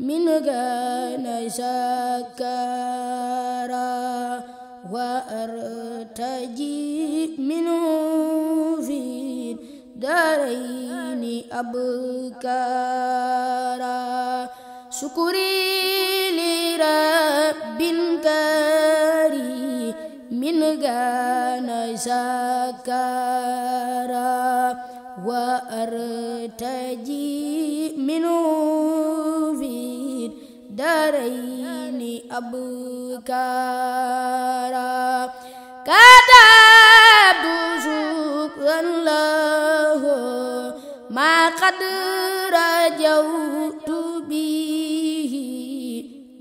من كان شكارا وأرتجي منه في دارين أبكارا شكري لرب كريم من كان شكارا وأرتجي منه الدارين أبكارا كتاب شكرا له ما قد رجوت به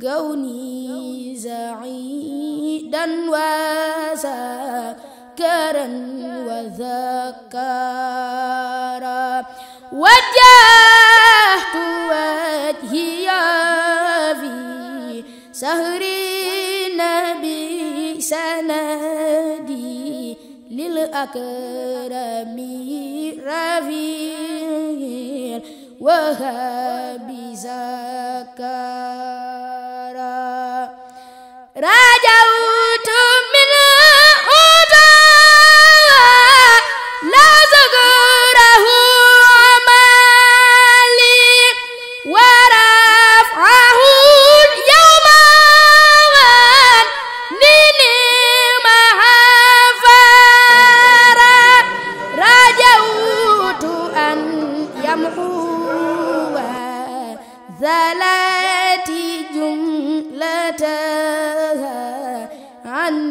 كوني سعيدا وسكرا وذكارا وجهت وجهي sahri nabi sanadi lil akrami rafi wahabi zakara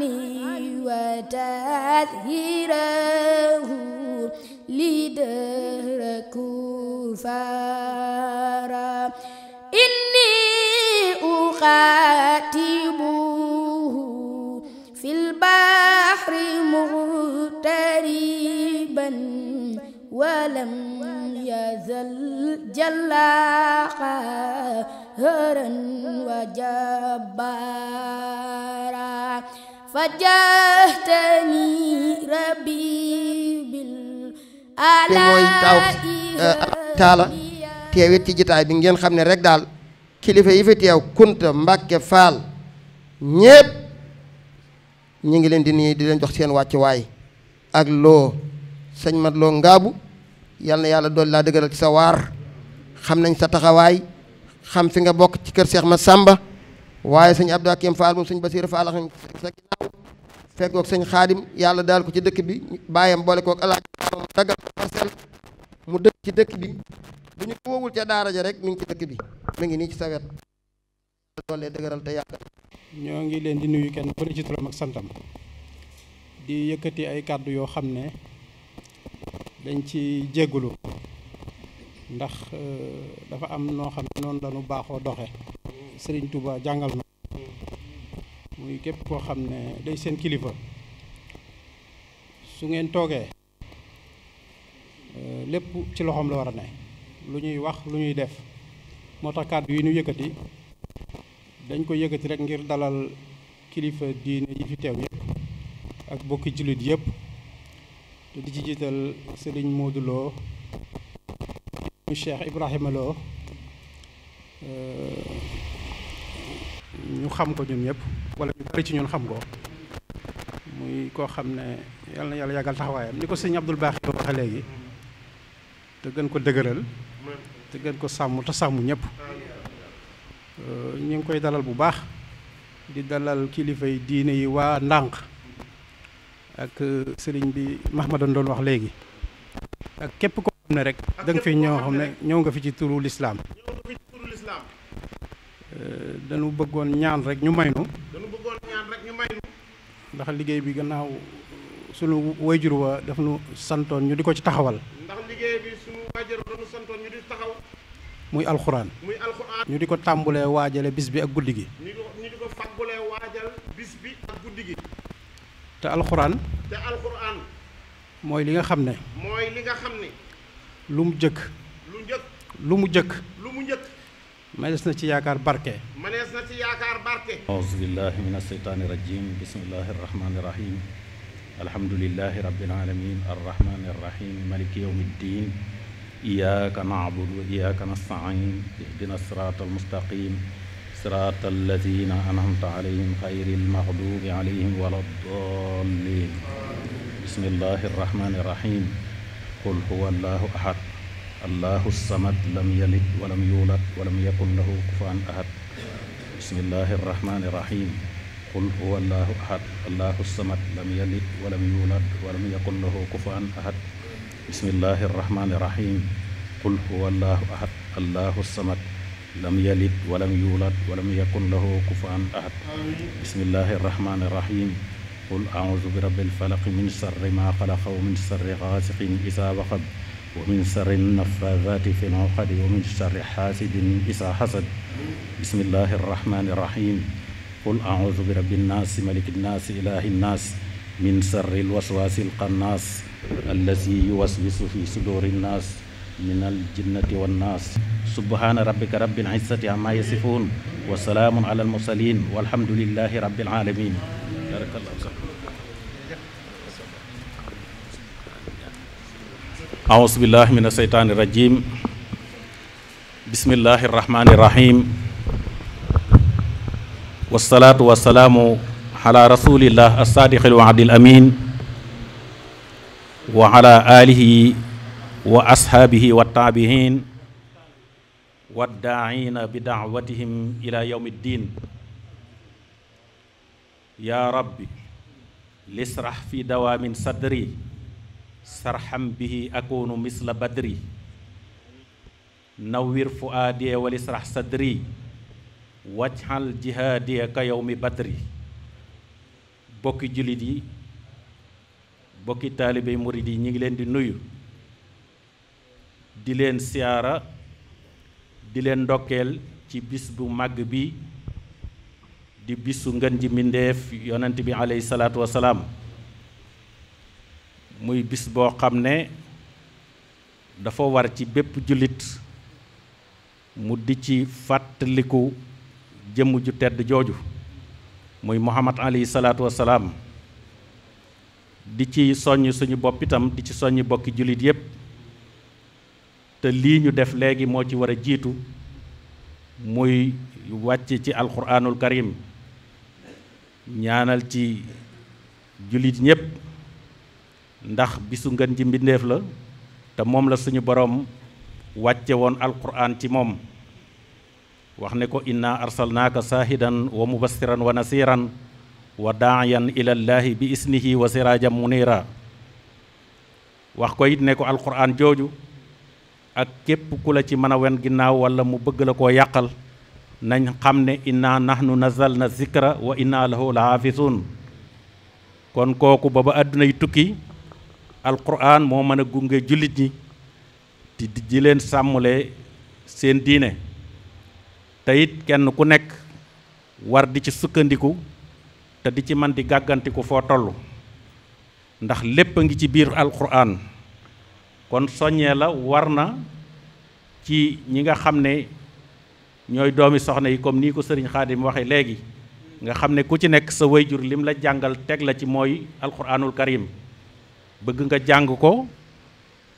وتذهيره لدهر كفارا إني أخاتمه في البحر مغتربا ولم يزل جل قاهرا وجبارا fajahtani rabbi bil ala mooy taala teewit ci jitaay bi ngeen xam ne rek daal kilifa yi fi teew kunta mbàkke faal ñépp ñu ngi leen di nii di leen jox seen wàcc waay ak loo sëñ mat loo ngaabu yal na yàlla dool laa dëgëral ci sa waar xam nañ sa taxawaay xam fi nga bokk ci kër Seex sàmba waaye sëñ Abdou Hakim Fall moom sëñ Basiir Fall ak sa ginnaaw fekkoog sëñ xaadim yàlla daal ko ci dëkk bi bàyyam boole koog alaaj moom dagal ko parcelle mu dëkk ci dëkk bi bu ñu ko ca daara ja rek mi ngi ci dëkk bi mi ngi nii ci sawet wet doole dëgëral te yàggal ñoo ngi leen di nuyu kenn ku ne ci turam ak santam di yëkkati ay kàddu yoo xam ne dañ ci jéggulu ndax euh, dafa am noo xam ne noonu lañu baaxoo doxe Serigne Touba jàngal na muy képp koo xam ne day seen kilifa su ngeen toogee euh, lépp ci loxoom la war a ne lu ñuy wax lu ñuy def moo tax kàddu yi ñu yëkkati dañ ko yëkkati rek ngir dalal kilifa diine yi fi teew yëpp ak bokki jullit yëpp te di ci jiital Serigne Modou Lo mu Cheikh Ibrahima Lo euh, ñu xam ko ñun ñëpp wala ñu bari ci ñun xam ko muy koo xam ne yal na yàlla yàggal taxawaayam ni ko sëñ Abdul Baax yi léegi te gën ko dëgëral te gën ko sàmm te sàmm ñëpp ñu ngi koy dalal bu baax di dalal kilifa yi diine yi waa ndànk ak sëriñ bi Mahmadan doon wax léegi ak képp koo xam ne rek da fi ñëw nga fi ci turu lislaam Euh, dañu bëggoon ñaan rek ñu may nu dañu ñu may ndax liggéey bi gannaaw sunu wayjur wa daf nu santoon ñu di ko ci taxawal ndax liggéey bi sunu wayjur wa dañu santoon ñu di taxaw muy alxuraan muy alxuraan ñu di ko tàmbulee waajale bis bi ak guddi gi ñu bis bi guddi gi te alxuraan te alxuraan mooy li nga xam ne mooy li nga xam ne lu mu jëkk lu jëkk lu mu jëkk manees na ci yaakaar barke manees na ci yaakaar barke auzu billahi min asheytaani rajim bismillahi arrahmani irrahim alhamdulilahi rabbil alamin arrahmani irrahim maliki yawmi ddin iyaaka naabudu wa iyaaka nastain ihdina sirata almustaqim sirata alladina anamta alayhim xayri almaxdubi alayhim wala ddallin bismillahi arrahmani irrahim qul huwa allahu ahad allahu samad lam yalid walam yulad walam yakun lahu kufaan ahad bismillahi irrahmani irrahim qul huwa allahu ahad allahu samad lam yalid walam yulad walam yakun lahu kufaan ahad bismillahi irrahmani irrahim qul huwa allahu ahad allahu samad lam yalid walam yulad walam yakun lahu kufaan ahad bismillahi irrahmani irrahim qul audu bi rabbil falaq min sharri ma xalaqa wa min sharri gaasiqin isaa waqab wa min sharri nafaathaati fi l-uqadi wa min sharri xaasidin isaa xasad bismillaahi rahmaani rahiim qul auudu bi rabbi nnaasi maliki nnaasi ilaahi nnaas min sharri l-waswaasi l-xannaas allazi yuwaswisu fi suduuri nnaas minal jinnati wannaas subhaana rabbika rabbil izzati ammaa yasifuun wa salaamun alal mursaliin walhamdulillaahi rabbil aalamiin aus billah min asheytaani irajim bismillahi irrahmani irrahim wasalaatu wasalaamu ala rasulillah alsaadiqi alwaadil amin wa ala alihi wa ashaabihi wa taabihin wa daaina bi daawatihim ila yawmi ddin ya rabbi lisrax fi dawaamin sadri sarxam bihi akunu misla badri nawwir fuaadiya wa lisrax sadri wajxal jihaadiya ka yawmi badri bokki jullit yi bokki taalibe murid yi ñu ngi leen di nuyu di leen siyaara di leen ndokkeel ci bis bu màgg bi di bisu ngën ji mbindéef yonent bi aleyhi salaatu wasalaam muy bis boo xam ne dafa war ci bépp jullit mu di ci fàttaliku jëmm ju tedd jooju muy muhammad alayhi salaatu wassalaam di ci soññ suñu bopp itam di ci soññ bokki jullit yépp te lii ñu def léegi moo ci war a jiitu muy wàcc ci alxuraanul karim ñaanal ci jullit ñépp ndax bisu ngën ji mbindeef la te moom la suñu boroom wàcce woon alquran ci moom wax ne ko inna arsalnaaka saahidan wa mubassiran wa nasiran wa daayan ilallahi bi isnihi wa sirajan munira wax ko it ne ko alquran jooju ak képp ku la ci mën a wen ginnaaw wala mu bëgg la koo yàqal nañ xam ne inna nahnu nazalna zikra wa inna lahu lahaafisun kon kooku ba ba àddunay tukki alquran moo mën a gunge jullit ñi di di leen sàmmule seen diine te it kenn ku nekk war di ci sukkandiku te di ci man di gàggantiku foo toll ndax lépp a ngi ci biir alquran kon soññee la war na ci ñi nga xam ne ñooy doomi soxna yi comme nii ko sëriñ Xaadim waxe léegi nga xam ne ku ci nekk sa wayjur lim la jàngal teg la ci mooy alquranul karim bëgg nga jàng ko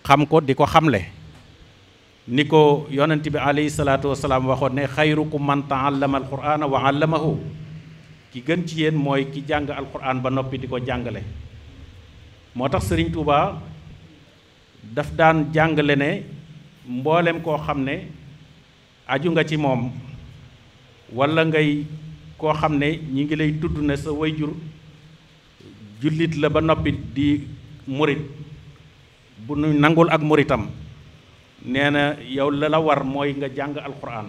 xam ko di ko xamle ni ko yonent bi alayhi salaatu wasalaam waxoon ne xayrukum manta taallama alqur'ana wa allamahu ki gën ci yéen mooy ki jàng alqur'an ba noppi di ko jàngale moo tax sëriñ Tuuba daf daan jàngale ne mboolem koo xam ne aju nga ci moom walla ngay koo xam ne ñi ngi lay tudd ne sa wayjur jullit la ba noppi di morit bu nu nangul ak moritam nee na yow la la war mooy nga jàng alxuraan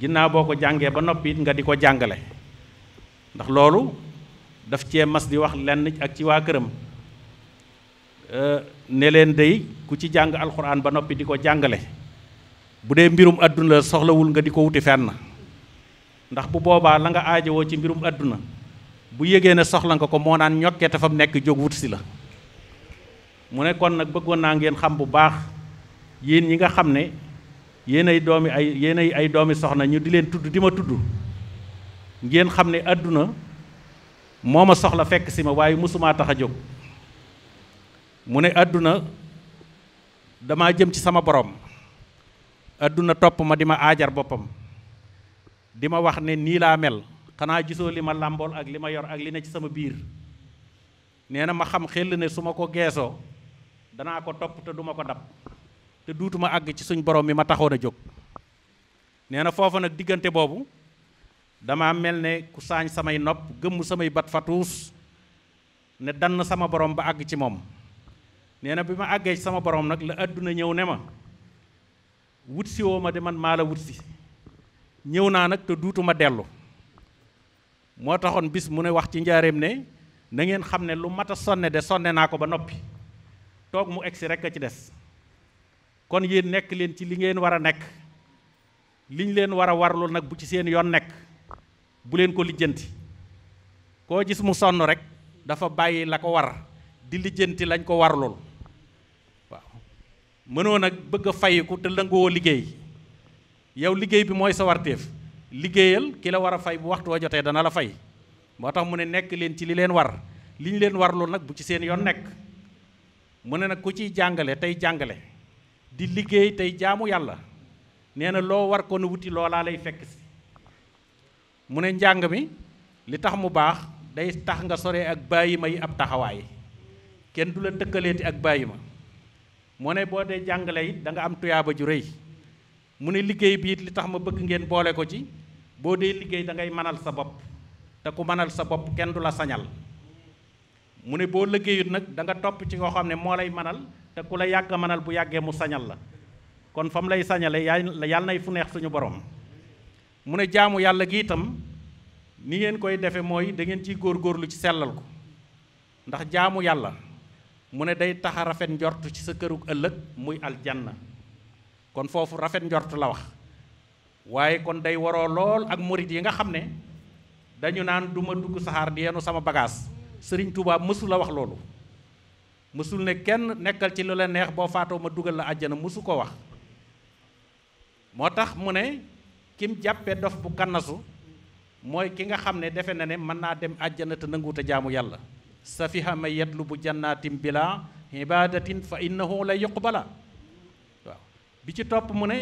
ginnaaw boo ko jàngee ba noppi it nga di ko jàngale ndax loolu daf cee mas di wax lenn ak ci waa këram ne leen day ku ci jàng alxuraan ba noppi di ko jàngale bu dee mbirum àdduna la soxlawul nga di ko wuti fenn ndax bu boobaa la nga aajowoo ci mbirum àdduna bu yégee ne soxla nga ko moo naan ñokkee te fa nekk jóg wut si la mu ne kon nag bëggoon naa ngeen xam bu baax yéen ñi nga xam ne yéen ay doomi ay yéen ay ay doomi soxna ñu di leen tudd di ma tudd ngeen xam ne àdduna moo ma soxla fekk si ma waaye mosumaa tax a jóg mu ne àdduna damaa jëm ci sama boroom àdduna topp ma di ma aajar boppam di ma wax ne nii laa mel xanaa gisoo li ma làmbool ak li ma yor ak li ne ci sama biir nee na ma xam xel ne su ma ko geesoo danaa ko topp te duma ko dab te duutuma àgg ci suñ borom mi ma taxoon a jóg nee na foofa nag diggante boobu dama mel ne ku saañ samay nopp gëmm samay bat fatuus ne dann sama borom ba àgg ci moom nee na bi ma àggee ci sama borom nag la àdduna ñëw ne ma wut si woo ma de man maa la wut si ñëw naa nag te duutuma dellu moo taxoon bis mu ne wax ci njaareem ne na ngeen xam ne lu mata sonne de sonne naa ko ba noppi toog mu egsi rek a ci des kon yéen nekk leen ci li ngeen war a nekk liñ leen war a warlu nag bu ci seen yoon nekk bu leen ko lijjanti koo gis mu sonn rek dafa bàyyi la ko war di lijjanti lañ ko warlul waaw mënoo nag bëgg a fayiku te lëngoo liggéey yow liggéey bi mooy sa warteef liggéeyal ki la war a fay bu waxtu wa jotee dana la fay moo tax mu ne nekk leen ci li leen war li ñu leen warlu nag bu ci seen yoon nekk mu ne nag ku ciy jàngale tey jàngale di liggéey tey jaamu yàlla nee na loo war kon wuti loolaa lay fekk si mu ne njàng mi li tax mu baax day tax nga sore ak bàyyi ma yi ab taxawaay kenn du la tëkkaleeti ak bàyyi ma moo ne boo dee jàngale yi danga am tuyaaba ju rëy mu ne liggéey bi it li tax ma bëgg ngeen boole ko ci boo dee liggéey da ngay manal sa bopp te ku manal sa bopp kenn du la sañal mu ne boo liggéeyut nag danga topp ci koo xam ne moo lay manal te ku la yàgg manal bu yàggee mu sañal la kon fa mu lay sañale yàlla nay fu neex suñu borom mu ne jaamu yàlla gi itam ni ngeen koy defe mooy dangeen ngeen góor góorlu ci sellal ko ndax jaamu yàlla mu ne day taxa rafet njort ci sa kërug ëllëg muy aljan na kon foofu rafet njort la wax waaye kon day waroo lool ak morit yi nga xam ne dañu naan du ma dugg saxaar di yenu sama bagaas sëriñ Touba mësula wax loolu mësul ne kenn nekkal ci lu la neex boo faatoo ma dugal la àjjana mësu ko wax moo tax mu ne kim jàppe dof bu kannasu mooy ki nga xam ne defe na ne mën naa dem àjjana te nanguute jaamu yàlla sa may yetlu bu jannatim bila ibadatin fa innahu la yuqbala bala bi ci topp mu ne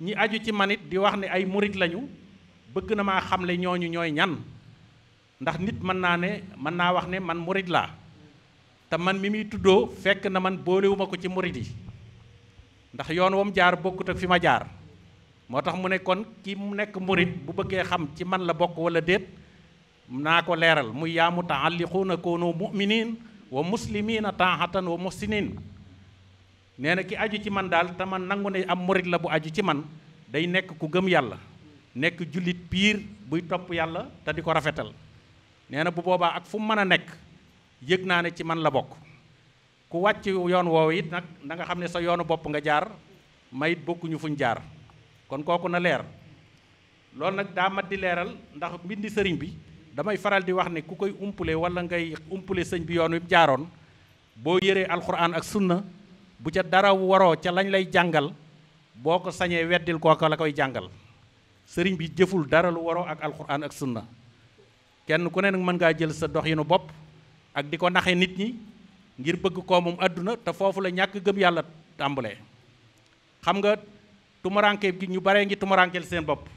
ñi aju ci manit di wax ne ay murit lañu bëgg na maa xamle ñooñu ñooy ñan ndax nit mën naa ne man naa wax ne man murit laa te man mi muy tuddoo fekk na man boolewuma ko ci murit yi ndax yoon wam jaar bokkut fi ma jaar moo tax mu ne kon ki mu nekk murit bu bëggee xam ci man la bokk wala déet naa ko leeral muy yaa na koonoo muminin wa muslimina taahatan wa muhsinin nee na ki aju ci man daal te man nangu ne am murit la bu aju ci man day nekk ku gëm yàlla nekk jullit piir buy topp yàlla te di ko rafetal nee na bu boobaa ak fu mu mën a nekk yëg naa ne ci man la bokk ku wàcc yoon woowu it nag da nga xam ne sa yoonu bopp nga jaar mayit bokkuñu fuñ jaar kon kooku na leer loolu nag daa mat di leeral ndax mbindi sëriñ bi damay faral di wax ne ku koy umpule walla ngay umpule sëñ bi yoon wi jaaroon boo yéree alxuraan ak sunna bu ca dara waroo ca lañ lay jàngal boo ko sañee weddil kooka la koy jàngal sëriñ bi jëful dara lu waroo ak alxuraan ak sunna kenn ku ne nag mën ngaa jël sa doxinu bopp ak di ko naxe nit ñi ngir bëgg koo moom àdduna te foofu la ñàkk gëm yàlla tàmbalee xam nga tumuranke gi ñu baree ngi tumurankeel seen bopp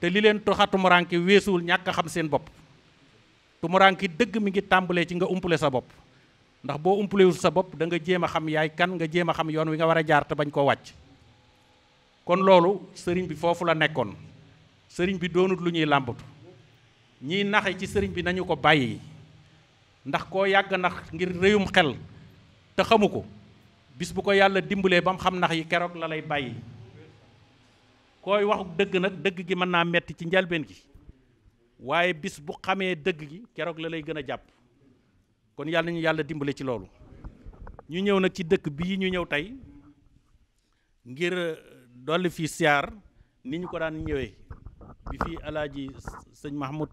te li leen toxa tumuranke weesuwul ñàkk a xam seen bopp tumuranke dëgg mi ngi tàmbalee ci nga umpale sa bopp ndax boo umpalewul sa bopp da nga jéem a xam yaay kan nga jéem a xam yoon wi nga war a jaar te bañ koo wàcc kon loolu sëriñ bi foofu la nekkoon sëriñ bi doonut lu ñuy làmbatu ñiy naxe ci sëriñ bi nañu ko bàyyi ndax koo yàgg ndax ngir réyum xel te xamu ko bis bu ko yàlla dimbalee ba mu xam nax yi keroog la lay bàyyi koy wax dëgg nag dëgg gi mën naa metti ci njalbeen gi waaye bis bu xamee dëgg gi keroog la lay gën a jàpp kon yàlla nañu yàlla dimbale ci loolu ñu ñëw nag ci dëkk bi ñu ñëw tey ngir dolli fii siyaar ni ñu ko daan ñëwee bi fii alaaji sëñ Mahmoud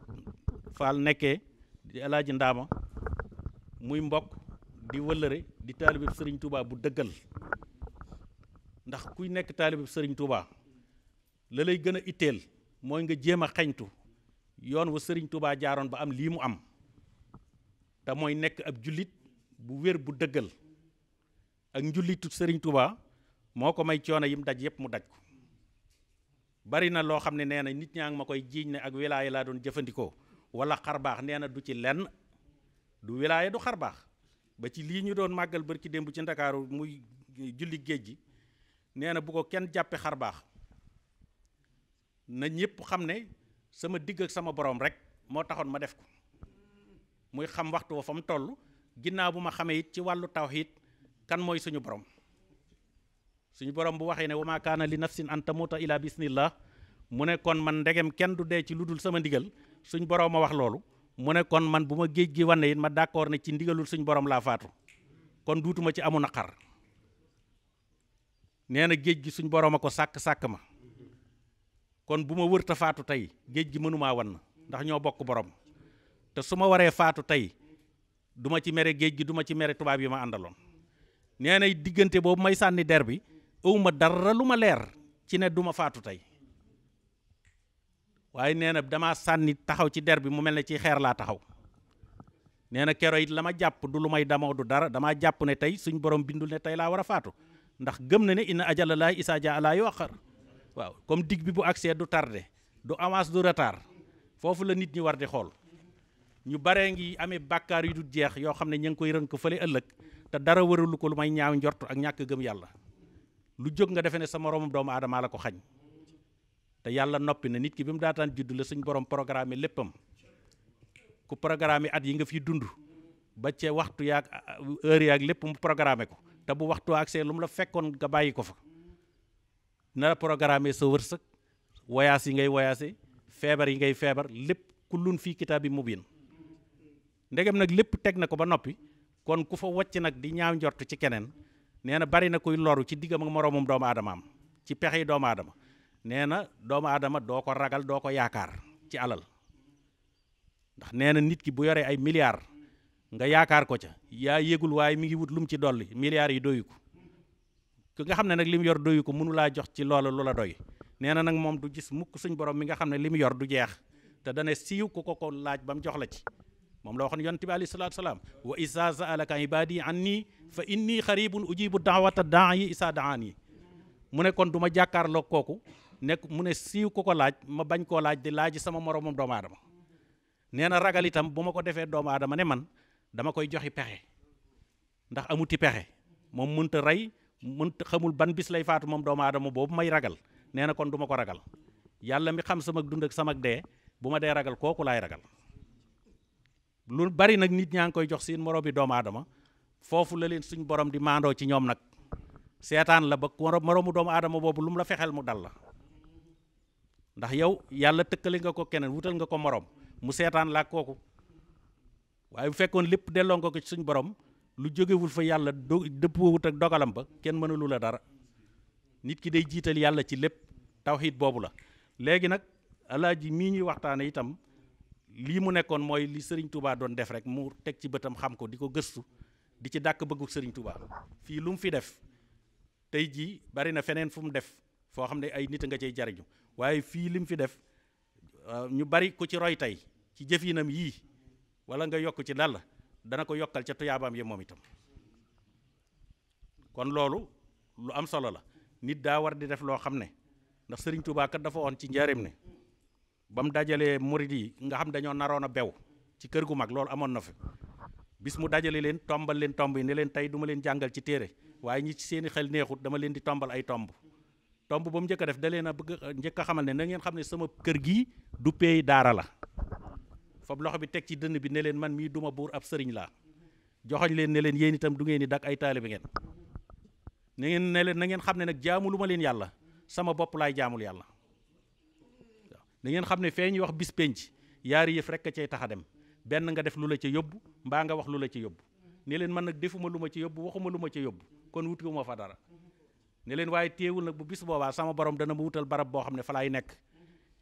Fall nekkee di alaaji Ndaama muy mbokk di wëllëre di taalibeb sëriñ Touba bu dëggal ndax kuy nekk taalibeb sëriñ Touba la lay gën a itteel mooy nga jéem a xañtu yoon wa sëriñ Touba jaaroon ba am lii mu am te mooy nekk ab jullit bu wér bu dëggal ak njullitu sëriñ Touba moo ko may coono mu daj yëpp mu daj ko bari na loo xam ne nee na nit ñaa ngi ma koy jiiñ ne ak wilaaya laa doon jëfandikoo wala xar baax nee na du ci lenn du wilaaya du xar baax ba ci lii ñu doon màggal bër ci démb ci ndakaaru muy julli géej gi nee na bu ko kenn jàppe xar baax na ñëpp xam ne sama digg ak sama borom rek moo taxoon ma def ko muy xam waxtu wa fa mu toll ginnaaw bu ma xamee it ci wàllu tawhid kan mooy suñu borom suñu borom bu waxee ne wa maa kaana si nafsin moo tamuuta ila bisnillah mu ne kon man ndegem kenn du dee ci lu dul sama ndigal suñ borom a wax loolu mu ne man bu ma géej gi wane it ma d'accord ne ci ndigalul suñ borom laa faatu kon duutuma ci amu naqar nee na géej gi suñ borom a ko sàkk sàkk ma kon bu ma wërta faatu tey géej gi mënumaa wan ndax ñoo bokk boroom te su ma waree faatu tey duma ci mere géej gi duma ci mere tubaab yi ma àndaloon nee na diggante boobu may sànni der bi ëwma dara lu ma leer ci ne duma faatu tey waaye nee na dama sànni taxaw ci der bi mu mel ne ciy xeer laa taxaw nee na kero it la ma jàpp du lu may damoo du dara damaa jàpp ne tey suñ borom bindul ne tey laa war a faatu ndax gëm na ne inna ajala laa isaa jaa laa yuaxar waaw comme dig bi bu accès du tarde du avance du retard foofu la nit ñi war di xool ñu baree ngi amee bàkkaar yu du jeex yoo xam ne ña ngi koy rënk fële ëllëg te dara waralu ko lu may ñaaw njort ak ñàkk gëm yàlla lu jóg nga defee ne sa moroomam doomu aadamaa la ko xañ te yàlla noppi na nit ki bi mu daataan judd la suñ borom programme léppam ku programme at yi nga fi dund ba ca waxtu yaag heure yaag lépp mu programme ko te bu waxtu ak see lu mu la fekkoon nga bàyyi ko fa na la programme sa wërsëg voyage yi ngay voyagé feebar yi ngay feebar lépp ku kullun fii mu mubiin ndegem nag lépp teg na ko ba noppi kon ku fa wàcc nag di ñaaw njort ci keneen nee na bari na kuy loru ci diggam ak moroomum doomu aadamaam ci pexe yi doomu aadama nee na doomu aadama doo ko ragal doo ko yaakaar ci alal ndax nee na nit ki bu yoree ay milliards nga yaakaar ko ca yaa yëgul waaye mi ngi wut lum ci dolli milliards yi doyu ko ki nga xam ne nag li mu yor doyu ko mënu laa jox ci loola la doy nee na nag moom du gis mukk suñ borom mi nga xam ne li mu yor du jeex te dana siiw ku ko ko laaj ba mu jox la ci moom la waxoon yonent bi alayhi salaatu salaam wa isa saalaka ibadi anni fa inni xaribun ujibu daawata daa yi isa daan yi mu ne kon du ma jàkkaarloog kooku nekk mu ne siiw ku ko laaj ma bañ koo laaj di laaj sama moromam doomu aadama nee na ragal itam bu ma ko defee doomu aadama ne man dama koy joxi pexe ndax amuti pexe moom mënta rey mënta xamul ban bis lay faatu moom doomu aadama boobu may ragal nee na kon du ma ko ragal yàlla mi xam sama dund ak sama dee bu ma dee ragal kooku laay ragal lu bari nag nit ñaa ngi koy jox seen moroom bi doomu aadama foofu la leen suñ borom di maandoo ci ñoom nag seetaan la ba moroomu doomu aadama boobu lu mu la fexeel mu dal la ndax yow yàlla tëkkale nga ko keneen wutal nga ko moroom mu seetaan laa kooku waaye bu fekkoon lépp delloo nga ko ci suñ borom lu jógewul fa yàlla do dëppoowut ak dogalam ba kenn mënalu la dara nit ki day jiital yàlla ci lépp tawxiit boobu la léegi nag alaaji mii ñuy waxtaane itam lii mu nekkoon mooy li sëriñ Touba doon def rek mu teg ci bëtam xam ko di ko gëstu di ci dàkk bëggu Serigne Touba fii lu mu fi def tey jii bari na feneen fu mu def foo xam ne ay nit a nga cay jariñu waaye fii li fi def euh, ñu bari ku ci roy tey ci jëfinam yii wala nga yokk ci dal dana ko yokkal ca tuyaabaam yi moom itam kon loolu lu am solo la nit daa war di def loo xam ne ndax sëriñ Touba kat dafa woon ci njaareem ne. ba mu dajalee murid yi nga xam dañoo naroon a bew ci kër gu mag loolu amoon na fi bis mu dajale leen tombal leen tomb yi ne leen tey duma leen jàngal ci téere waaye ñi ci seeni xel neexut dama leen di tombal ay tomb tomb ba mu njëkk def da leen a bëgg njëkk a xamal ne na ngeen xam ne sama kër gii du peey daara la fab loxo bi teg ci dënn bi ne leen man mii duma buur ab sëriñ laa joxoñ leen ne leen yéen itam du ngeen di dak ay taalibe ngeen na ngeen ne leen na ngeen xam ne nag jaamu lu ma leen yàlla sama bopp laay jaamul yàlla da ngeen xam ne fee ñuy wax bis penc yaari yëf rek a cay tax a dem benn nga def lu la ca yóbbu mbaa nga wax lu la ca yóbbu ni leen mën nag defuma lu ma ca yóbbu waxuma lu ma ca yóbbu kon wutiwuma fa dara ne leen waaye teewul nag bu bis boobaa sama borom dana ma wutal barab boo xam ne fa laay nekk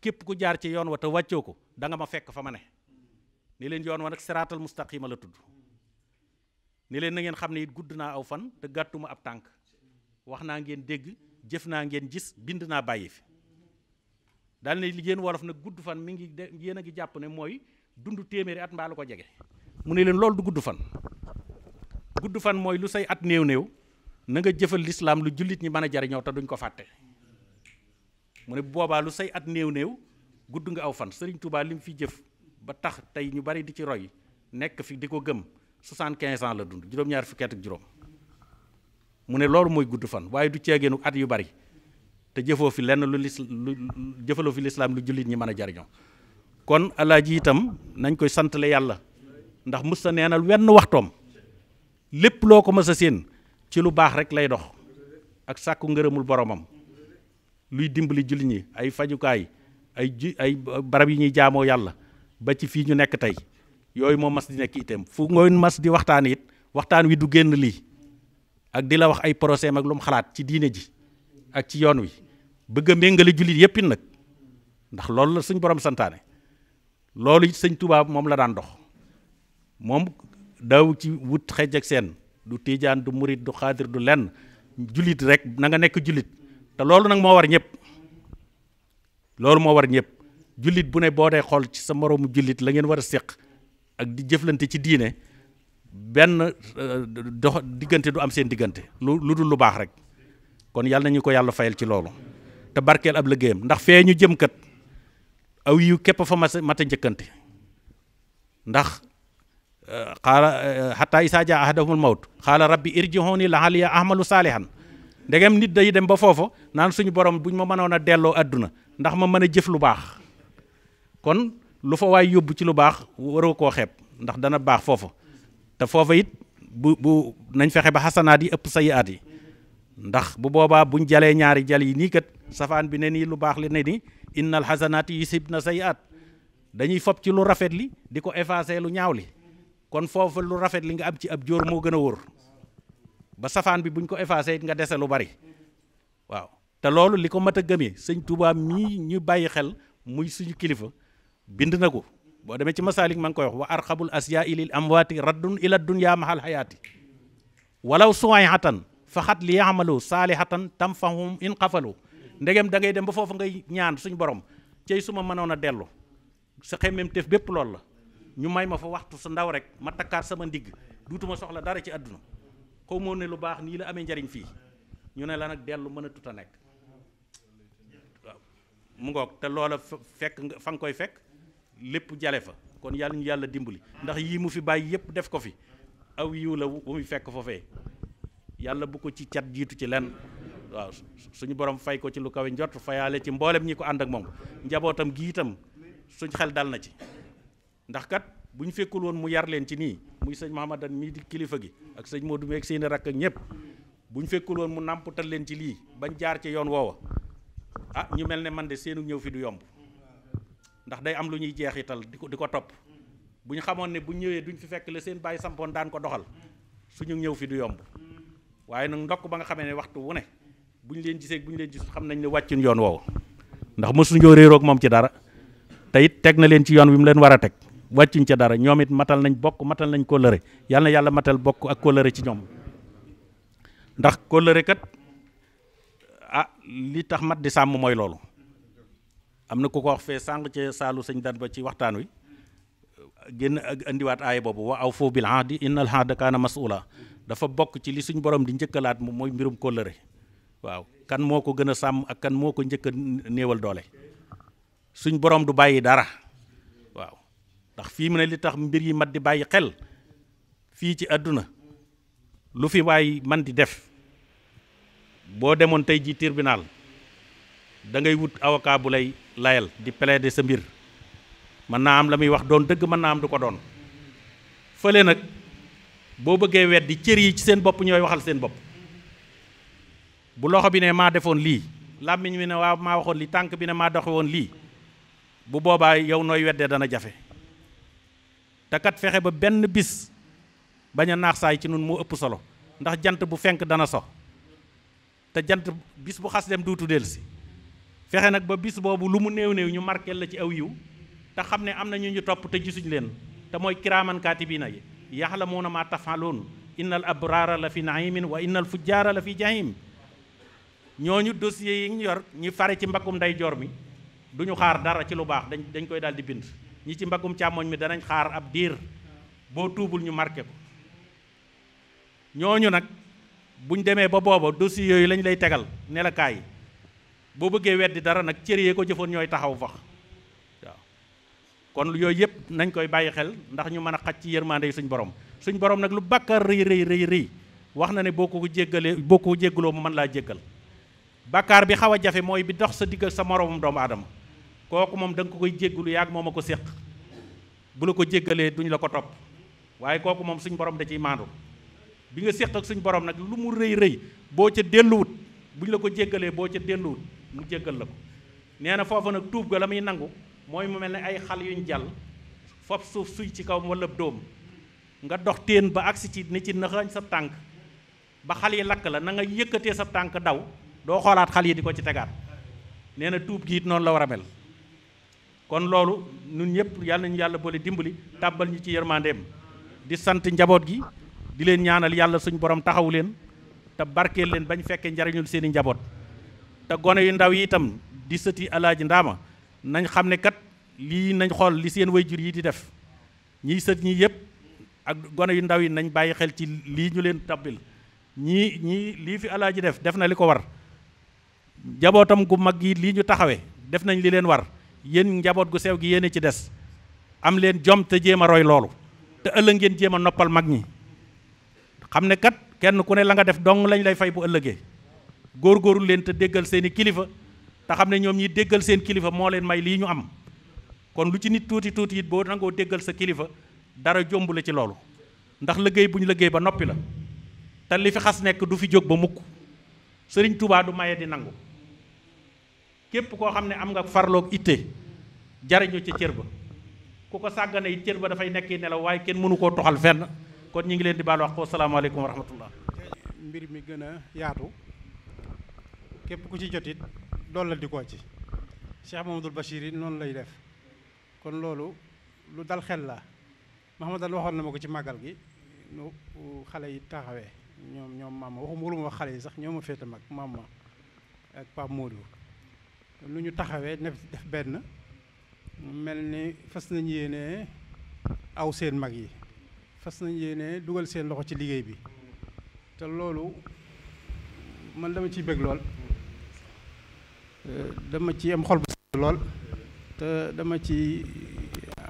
képp ku jaar ci yoon wa te wàccoo ko danga ma fekk fa ma ne ne leen yoon wa nag siraatal mustaqima la tudd ni leen na ngeen xam ne it gudd naa aw fan te gàttuma ab tànk wax naa ngeen dégg jëf naa ngeen gis bind naa bàyyi fi daal ne yéen wolof nag gudd fan mi ngi de yéen a ngi jàpp ne mooy dund téeméeri at mbaa lu ko jege mu ne leen loolu du gudd fan gudd fan mooy lu say at néew-néew na nga jëfal lislaam lu jullit ñi mën a jariñoo te duñ ko fàtte mu ne boobaa lu say at néew-néew gudd nga aw fan Serigne Touba li mu fi jëf ba tax tey ñu bari di ci roy nekk fi di ko gëm 75 ans la dund juróom-ñaar fukki ak juróom mu ne loolu mooy gudd fan waaye du ceegeenu at yu bari. te jëfoo fi lenn lu lis lu jëfaloo fi lislaam lu jullit ñi mën a jariñoo kon alaaji itam nañ koy santale yàlla ndax mus ta neenal wenn waxtoom lépp loo ko mës a séen ci lu baax rek lay dox ak sàkku ngërëmul boromam luy dimbali jullit ñi ay fajukaay ay ji ay barab yi ñuy jaamoo yàlla ba ci fii ñu nekk tey yooyu moo mas di nekk itam fu ngoy mas di waxtaan it waxtaan wi du génn lii ak di la wax ay procès ak lu mu xalaat ci diine ji ak ci yoon wi bëgg a méngale jullit yépp nag ndax loolu la suñ borom santaane loolu it sëñ Tuubaa moom la daan dox moom daaw ci wut xej seen du tiijaan du murit du xaadir du lenn jullit rek nanga nekk jullit te loolu nag moo war ñëpp loolu moo war ñëpp jullit bu ne boo dee xool ci sa moroomu jullit la ngeen war a séq ak di jëflante ci diine benn euh, dox diggante du am seen diggante lu lu dul lu baax rek kon yàlla nañu ko yàlla fayal ci loolu te barkeel ab la liggéeyam ndax fee ñu jëm kat aw yiw képp fa ma mat a jëkkante ndax euh, xaala xataa euh, isaa jaa ahadahumul mawt xaala rabbi irjihooni laxaliya ahmalu saalihan ndegem nit day dem ba foofa naan suñu borom buñ ma mënoon a delloo àdduna ndax ma mën a jëf lu baax kon lu fa waay yóbbu ci lu baax waroo koo xeeb ndax dana baax foofa te foofu it bu bu nañ fexe ba xasanaat yi ëpp sa sayiaat yi ndax bu boobaa buñ jalee ñaari jal yi nii kat safaan bi ne nii lu baax li ne nii innal na sa yaat dañuy fob ci lu rafet li di ko effacer lu ñaaw li kon foofu lu rafet li nga am ci ab joor moo gën a wóor ba safaan bi buñ ko effacer it nga dese lu bari waaw te loolu li ko mat a gëmee sëñ Touba mii ñu bàyyi xel muy suñu kilifa bind na ko boo demee ci masaalik man ngi koy wax wa arxabul asyaa ilil amwaati raddun ila dunya mahal xayaati faxat li yaamalu saalihatan tam fahum in xafalu ndegem da ngay dem ba foofu ngay ñaan suñ borom cey su ma mënoon a dellu sa xemmem tef bépp loolu la ñu may ma fa waxtu su ndaw rek ma takkaat sama ndigg duutuma soxla dara ci àdduna xaw moo ne lu baax nii la amee njariñ fii ñu ne la nag dellu mën a tut a nekk waaw mu ngoog te loola fekk nga fa nga koy fekk lépp jale fa kon yàlla ñu yàlla dimbali ndax yii mu fi bàyyi yépp def ko fi aw yiw la wu muy fekk foofee yàlla bu ko ci cat jiitu ci lenn waaw suñu borom fay ko ci lu kawe njot fayaale ci mboolem ñi ko ànd ak moom njabootam gi itam suñ xel dal na ci ndax kat bu ñu fekkul woon mu yar leen ci nii muy sëñ Mahamadan mii di kilifa gi ak sëñ Modou ak seeni rakk ak bu ñu fekkul woon mu nàmputal leen ci lii bañ jaar ci yoon woowa a ah, ñu mel ne man de seenu ñëw fi du yomb ndax day am lu ñuy jeexital di ko di ko topp bu ñu xamoon ne bu ñëwee duñ fi fekk la seen bàyyi sampoon daan ko doxal suñu ñëw fi du yomb waaye nag ndokk ba nga xamee ne waxtu wu ne bu ñu leen gisee bu ñu leen gisul xam nañ ne wàccuñ yoon woowu ndax mësuñoo réeroog moom ci dara te it teg na leen ci yoon wi mu leen war a teg wàccuñ ca dara ñoom it matal nañ bokk matal nañ kóllëre yàlla na yàlla matal bokk ak kóllëre ci ñoom ndax kóllëre kat ah li tax mat di sàmm mooy loolu am na ku ko wax fee sànq ci saalu sëñ dan ba ci waxtaan wi génn ak indiwaat aaya boobu wa aw foo bil ahdi innal ahda kaana mas'uula dafa bokk ci li suñ boroom di njëkkalaat moom mooy mbirum kóllëre waaw kan moo ko gën a sàmm ak kan moo ko njëkk néewal doole suñ boroom du bàyyi dara waaw ndax fii mu ne li tax mbir yi mat di bàyyi xel fii ci àdduna lu fi waay man di def boo demoon tey ji tribunal dangay wut avocat bu lay layal di plaider sa mbir mën naa am la muy wax doon dëgg mën naa am du ko doon fële nag boo bëggee weddi cër yi ci seen bopp ñooy waxal seen bopp bu loxo bi ne maa defoon lii làmmiñ wi ne waaw maa waxoon lii tànk bi ne maa doxe woon lii bu boobaa yow nooy weddee dana jafe te kat fexe ba benn bis bañ a naax saay ci nun moo ëpp solo ndax jant bu fenk dana so te jant bis bu xas dem duutu dellu si fexe nag ba bis boobu lu mu néew néew ñu marqué la ci aw yiw te xam ne am na ñu ñu topp te gisuñ leen te mooy kiraaman kaatibiina yi yaxlamuuna maa tafaluun innal abraara la fi naimin wa innal fujjaara la fi jahim ñooñu dossier yi ñu yor ñi fare ci mbakkum ndeyjoor mi du ñu xaar dara ci lu baax dañ dañ koy daal di bind ñi ci mbakkum càmmoñ mi danañ xaar ab diir boo tuubul ñu marqué ko ñooñu nag buñ demee ba booba dossier yooyu lañ lay tegal ne yi boo bëggee weddi dara nag cër yee ko jëfoon ñooy taxaw fax kon yooyu yëpp nañ koy bàyyi xel ndax ñu mën a xaj ci yërmande yi suñ borom suñ borom nag lu bàkkaar rëy rëy rëy rëy wax na ne boo ko jéggalee boo ko jéggaloo mën laa jéggal bàkkaar bi xaw a jafe mooy bi dox sa diggal sa moroomam doomu aadama kooku moom da ko koy jéggalu yaag moom a ko séq bu la ko jéggalee duñu la ko topp waaye kooku moom suñ borom da ciy maandu bi nga séq ak suñ borom nag lu mu rëy rëy boo ca delluwut buñ la ko jéggalee boo ca delluwut mu jéggal la ko nee na foofu nag tuub ga la muy nangu mooy mu mel ne ay xal yuñ jàll fob suuf suy ci kaw wala doom nga dox téen ba agsi ci ni ci naxañ sa tànk ba xal yi lakk la na nga yëkkatee tànk daw doo xoolaat xal yi di ko ci tegaat nee na tuub gi it noonu la war a kon loolu ñun ñëpp yàlla nañu yàlla boole dimbali tàbbal ñu ci yërmandeem di sant njaboot gi di leen ñaanal yàlla suñu borom taxawu leen te barkeel leen bañ fekkee njariñul seeni njaboot te gone yu ndaw yi itam di sëti alaaji ndaama nañ xam ne kat lii nañ xool li seen jur yi di def ñiy sët ñi yëpp ak gone yu ndaw yi nañ bàyyi xel ci lii ñu leen tabbil ñii ñii lii fi alaaji def def na li ko war njabootam gu mag yi lii ñu taxawe def nañ li leen war yéen njaboot gu sew gi yéene ci des am leen jom te jéem a roy loolu te ëllëg ngeen jéem a noppal mag ñi xam ne kat kenn ku ne la nga def dong lañ lay fay bu ëllëgee góorgóorlu leen te déggal seeni kilifa te xam ne ñoom ñi déggal seen kilifa moo leen may lii ñu am kon lu ci nit tuuti tuuti it boo nangoo déggal sa kilifa dara jomb la ci loolu ndax liggéey bu ñu liggéey ba noppi la te li fi xas nekk du fi jóg ba mukk sëriñ Touba du maye di nangu képp koo xam ne am nga farloog itte jariñu ca cër ba ku ko sàggane yi cër ba dafay nekk ne la waaye kenn mënu koo toxal fenn kon ñu ngi leen di baal wax ko salaamaaleykum wa rahmatullah mbir mi gën a yaatu képp ku ci jot it dollanti koo ci Cheikh Mamadou Bachir yi noonu lay def kon loolu lu dal xel la Mahamadan waxoon na ma ko ci màggal gi nu xale yi taxawee ñoom ñoom maam ma waxuma wulu wax xale yi sax ñoo ma féete mag maam ma ak Pape Modou lu ñu taxawee ne def benn mel ni fas nañ yéene aw seen mag yi fas nañ yéene dugal seen loxo ci liggéey bi te loolu man dama ciy bëgg lool Euh, dama ci am xol bu lool te dama ci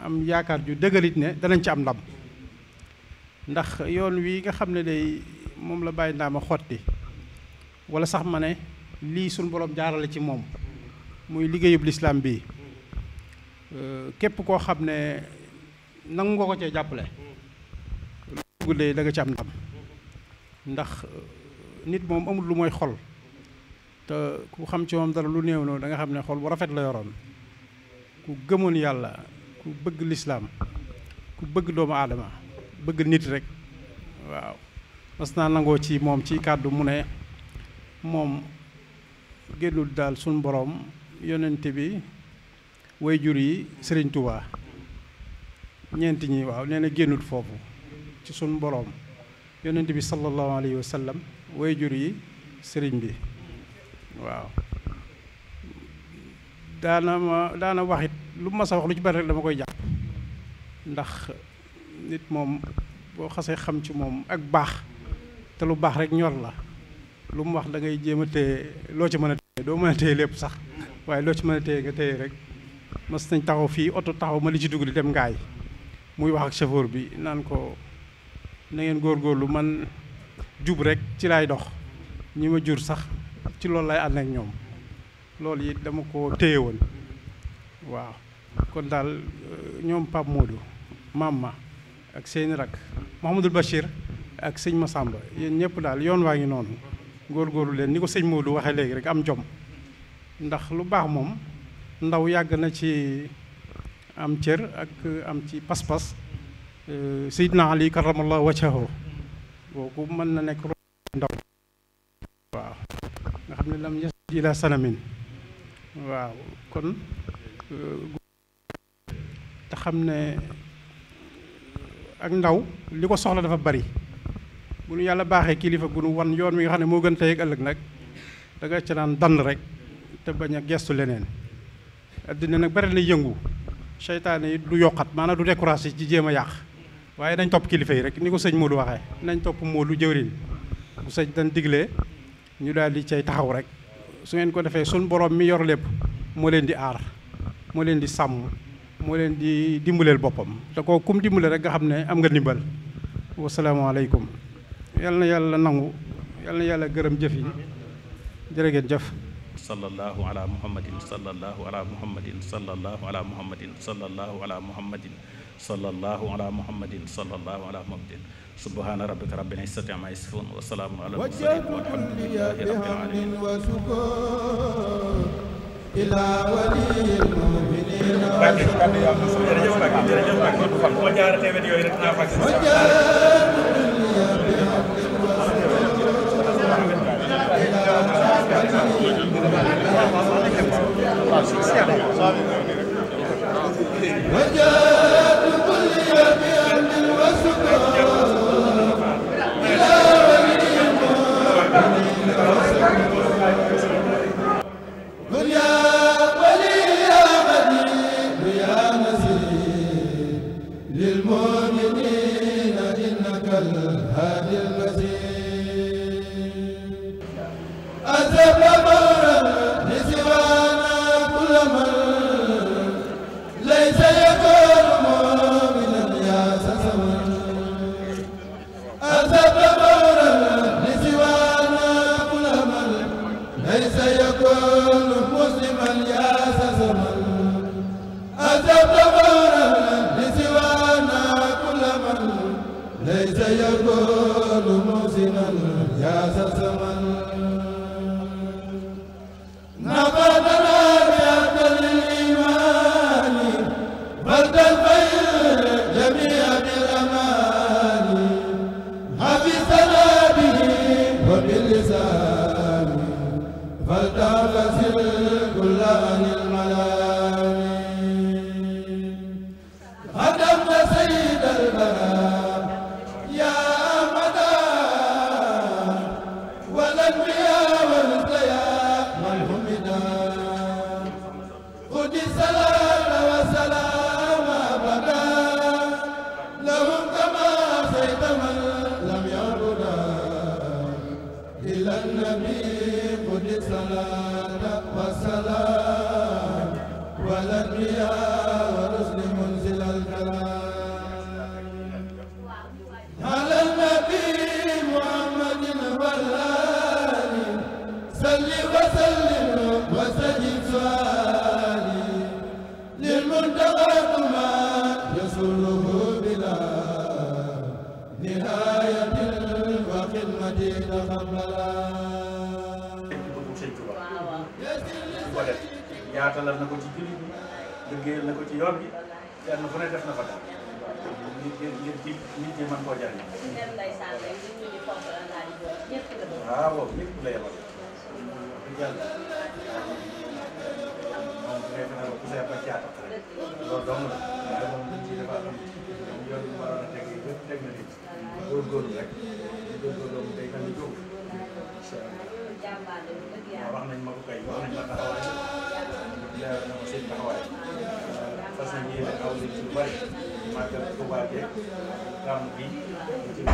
am yaakaar ju dëgërit ne danañ ci am ndam ndax yoon wi nga xam ne day moom la bàyyi ndaa ma xotti wala sax ma ne lii suñ borom jaarale ci moom muy liggéeyub lislaam bii euh, képp koo xam ne nangu nga ko cee jàppale lu guddee da nga ci am ndam ndax euh, nit moom amul lu mooy xol te ku xam ci moom dara lu néew noonu danga xam ne xol bu rafet la yoroon ku gëmoon yàlla ku bëgg lislaam ku bëgg doomu aadama bëgg nit rek waaw mas naa nangoo ci moom ci kàddu mu ne moom génnul daal suñ boroom yonente bi way jur yi sëriñ Touba ñi waaw nee na génnul foofu ci suñ boroom yonente bi sallallahu alayhi wa way jur yi sëriñ bi waaw daana ma daana wax it lu ma sa wax lu ci bari rek dama koy jàpp ndax nit moom boo xasee xam ci moom ak baax te lu baax rek ñor la lu mu wax da ngay jéem a téye loo ci mën a téye doo mën a téye lépp sax waaye loo ci mën a téye nga téye rek mas nañ taxaw fii oto taxaw ma li ci dugg di dem ngaay muy wax ak chauffeur bi naan ko na ngeen lu man jub rek ci laay dox ñi ma jur sax ci loolu lay ànd ñoom loolu yi dama ko téye woon waaw kon daal euh, ñoom modu Modou Mamma ak seeni rak Mouhamadul Bachir ak sëñ Massamba yéen ñëpp daal yoon waa ngi noonu góorgóorlu leen ni ko sëñ Modou waxee léegi rek am jom ndax lu baax moom ndaw yàgg na ci am cër ak am ci pas-pas euh, Seydina Ali karamallahu wajhahu booku mën na nekk ndaw xam ne lam yas ila sanamin waaw kon te xam ne ak ndaw li ko soxla dafa bari bu nu yàlla baaxee kilifa gu nu wan yoon wi nga xam ne moo gën tey ak ëllëg nag da nga ca naan dand rek te bañ a gestu leneen addina nag bari na yëngu seytaane yi du yokkat maanaam du découragé ci jéem a yàq waaye nañ topp kilifa yi rek ni ko sëñ Modou waxee nañ topp Modou jëwriñ bu sëñ dañ diglee ñu daal di cay taxaw rek su ngeen ko defee suñ borom mi yor lépp moo leen di aar moo leen di sàmm moo leen di dimbaleel boppam te koo kum dimbale rek nga xam ne am nga ndimbal wasalaamaaleykum yal na yàlla nangu yàlla yàlla gërëm jëfi yi jërë ngeen jëf sallallahu ala muhammadin sallallahu ala muhammadin sallallahu ala muhammadin sallallahu ala muhammadin sallallahu ala muhammadin sallallahu ala muhammadin subhana rabbika rabbil izzati amma yasifun wa salamun ala mursalin walhamdulillahi rabbil alamin wa shukur ila waliyil mu'minin jërëjëf Mbacke jërëjëf Mbacke ma jaarate wet yooyu rek naa fàgg وجاء ci yoon bi kenn fu ne def na fa daal nit ñi nit ñi mën koo jariñ ah, waaw boobu ñëpp la yebal dëgg yàlla moom bu dee dana ko poussé ba caata rek loolu dong la waaye moom nit ñi dafa am yoon bi waroon a teg yëpp teg na nit góorgóorlu rek góorgóorlu day mel ni jóg wax nañ ma ko kay wax nañ ma taxawaay leer na ma seen taxawaay fas na yéene aw nit ñu bari màggal Tuubaa gi gàmm bi ci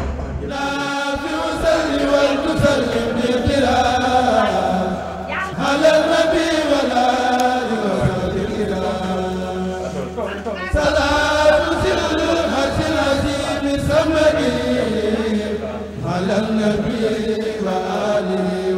على النبي وآله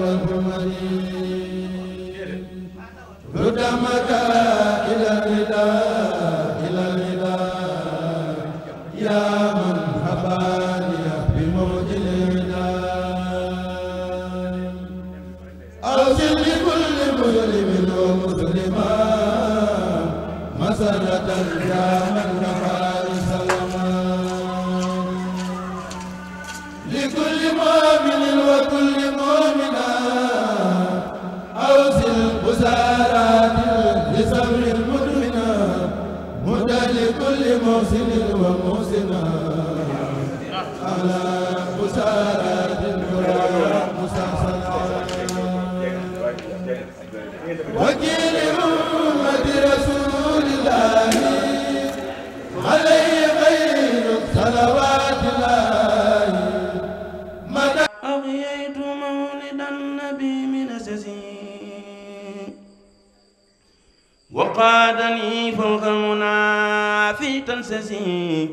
وقادني فوق المنى في تنسسي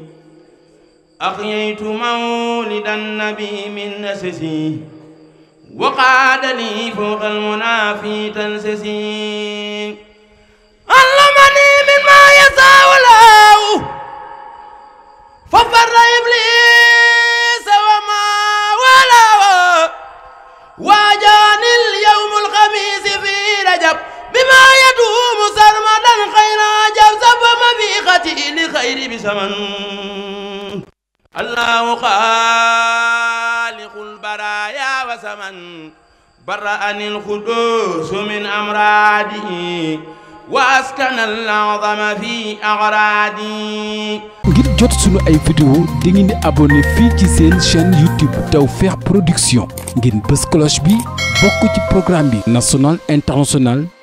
أحييت مولد النبي من نسسي وقادني فوق المنى في تنسسي الفاتئ لخير بسمن الله خالق البرايا وسمن برأني الخدوس من أمراده وأسكن العظم في أغرادي ngir jot sunu ay vidéo di ngeen di fii ci seen chaîne YouTube Tawfekh Production ngeen bës cloche bi bokk ci programme bi national international